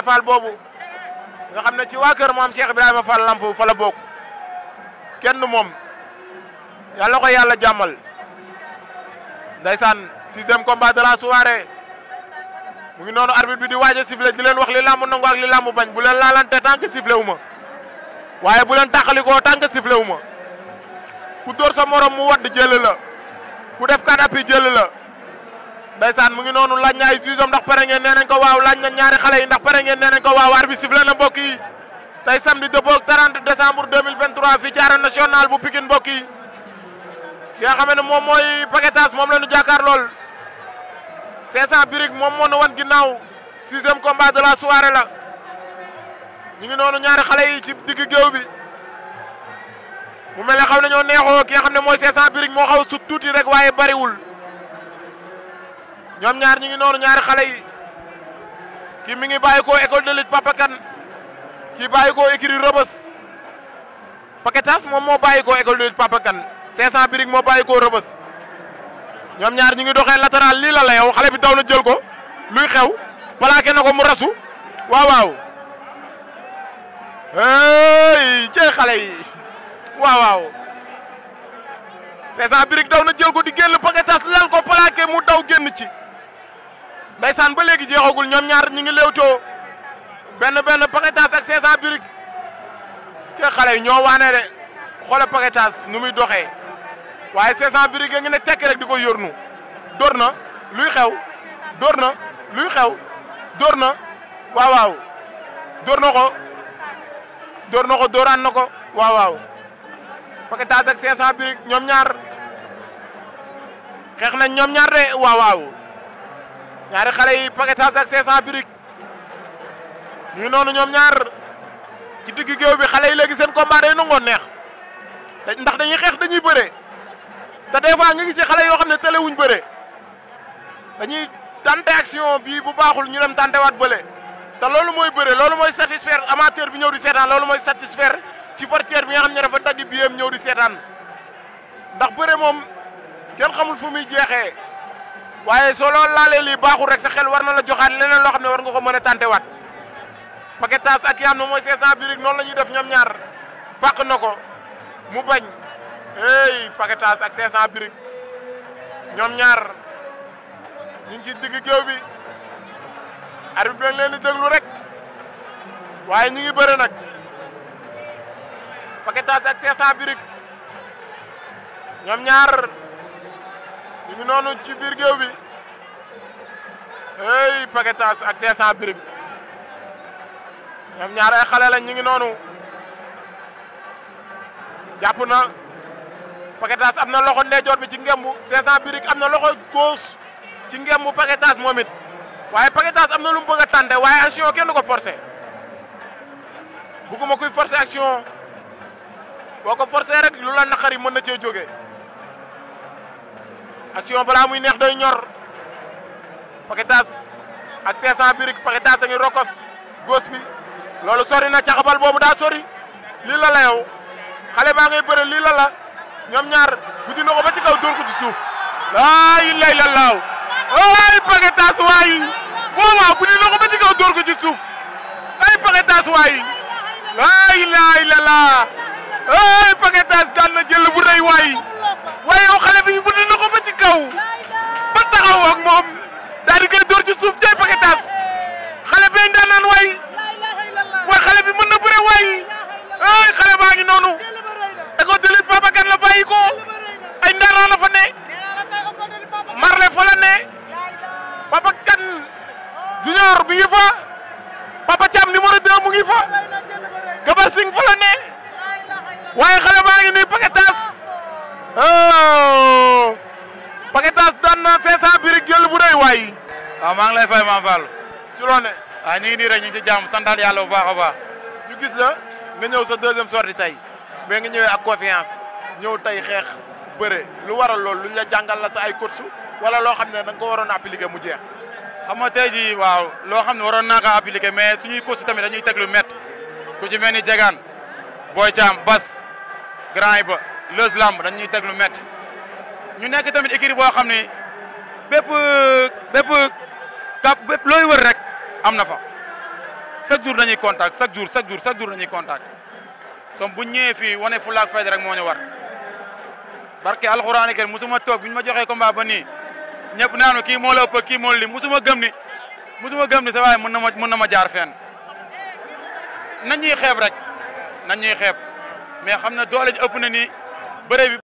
Baye Fall boobu nga xam ne ci waa kër maam Cheikh Ibrahima Fall Lamp fa la bokk kenn moom yàlla ko yàlla jàmmal ndaysaan sixième combat de la mu ngi noonu arbitre bi di waaj a sifflé di leen wax li làmb nangu ak li làmb bañ bu leen laalante tant que sifflé waaye bu leen tàqalikoo tant que sifflé wu ma ku dóor sa morom mu wadd jël la ku def kat appi jël la ndeysaan mu ngi noonu laaj na ay jugeam ndax pare ngeen nee ko waaw laaj na ñaari xale yi ndax pare ngeen nee ko waaw arbitre na mbokk yi samedi 30 décembre 2023 ci bu Pikine boki. yi ki nga xam ne moom mooy Paquetage moom la ñu jàkkaar 500 briques moom moo ñu wan ginnaaw sixième combat de la soirée la ñu ngi noonu ñaari yi ci digg géew bi mu kau ne xaw nañoo neexoo ki nga xam ne 500 xaw ñom ñaar ñi ngi noonu ñaari xalé yi ki mi ngi bayiko école de lutte Papa kan, kii bàyyi ko écurie Paquetas mom mo bayiko école de lutte Papa kan, 500 birik mo bayiko ko ñom ñaar ñi ngi doxé latéral li la la yow bi dawna jël ko luy xew plaqué nako mu rasu waaw waaw hey ci xalé yi waaw waaw 500 birig daw na jël ko di génn Paquetas lal ko plaqué mu daw genn ci. ndaysaan ba léegi jeexagul ñoom ñaar ñi ngi léewtoo benn benn paquetage ak 500 briques te yi ñoo waane de xoola paquetage nu muy doxee waaye 500 briques ya ngi ne tekk rek di ko yórnu dóor na luy xew dor na luy xew dóor na waaw waaw dóor na ko dor na ko dor dóoraan na ko waaw waaw paquetage ak 500 briques ñoom ñaar xeex nañ ñoom ñaar de waaw waaw ñaari xale yi paquetage ak 500 briques ñu noonu ñoom ñaar ci digg géew bi xale yi léegi seen combat day nangoon neex ndax dañuy xeex dañuy bëre te des fois nga ngi ci xale yoo xam ne tële wuñ bëre dañuy tenter action bii bu baaxul ñu dem tenter waat bële te loolu mooy bëre loolu mooy satisfaire amateur bi ñëw di seetaan loolu mooy satisfaire supporter bi nga xam ne dafa dagg biyeem ñëw di seetaan ndax bëre moom kenn xamul fu muy jeexee. waye soo loolu laalee lii baaxul rek sa xel war na la joxat leneen lo xam war nga ko mën a tantewaat paquetage ak yaam moy 500 briques noonu la ñuy def ñom ñaar fak nako mu bañ hey paquetage ak 500 briques ñom ñaar ñu ci digg géew bi arbitre bi leen di déglu rek waye ñu ngi bëre nag paquetage ak 500 briques ñom ñaar. ñu ngi ci biir géew bi hey Paquetas ak 500 Birame ñoom ñaar ay xale lañ ñu ngi noonu jàpp na Paquetas am na loxo ndeyjoor bi ci ngembu 500 Birame am na loxo gauche ci ngembu Paquetas moom it waaye Paquetas am na lu mu bëgg a waaye action kenn du ko forcer bugguma kuy forcer action boo ko forcer rek lu la naqari mën na cee jógee. action balaa muy neex day ñor Paquetas ak 500 birik Paquetas a ngi rokos bi loolu na caxabal boobu daa sori lii la la yow xale baa ngay bëre lii la la ñoom ñaar guddi na ko ba ci kaw dóor ko ci suuf laa ilaaha illallaah ay Paquetas waay boobaa guddi na ko ba ci baa ngi noonu école de lutte Papa Kane la bàyyi ko ay ndara la fa ne Marley fa la ne Papa Kane junior bi ngi fa Papa Thiam numéro 2 ngi fa Gabal fa la ne waaye xale baa ngi nii Paquetas oh Paquetas daan na 500 biir jël bu rëy waay. waaw maa ngi lay fay Mame Fall. ci loo ngi nii rek ngi ci jàmm santaat yàlla bu baax a baax. nga ñew sa deuxième sortie tay mais nga ñewé ak confiance ñew tay xex beure lu waral lool luñ la jangal la sa ay course wala lo xam da nga warona appliquer mu jeex. xam nga tay ji waaw lo xam ne na nga appliquer mais suñuy course tamit dañuy tek lu met ku ci melni ni Boy cham Bas Grand Iba Leuz Lamb dañuy tek lu met ñu nekk tamit équipe bo xam bép bép bépp bép loy wër rek amna fa. chaque jour dañuy contact chaque jour chaque jour chaque jour dañuy contact comme bu ñëwee fii wane fu laak fayda rek moo ñu war barke alxuraan kenn musuma toog bu ñu ma joxee combat ba nii ñëpp naanu kii moo la ëpp kii moo li musuma gëm ni musuma gëm ni sa waaye mën na ma mën na ma jaar fenn nañ ñuy xeeb rek nañ ñuy xeeb mais xam na doole ji ëpp na nii bëre bi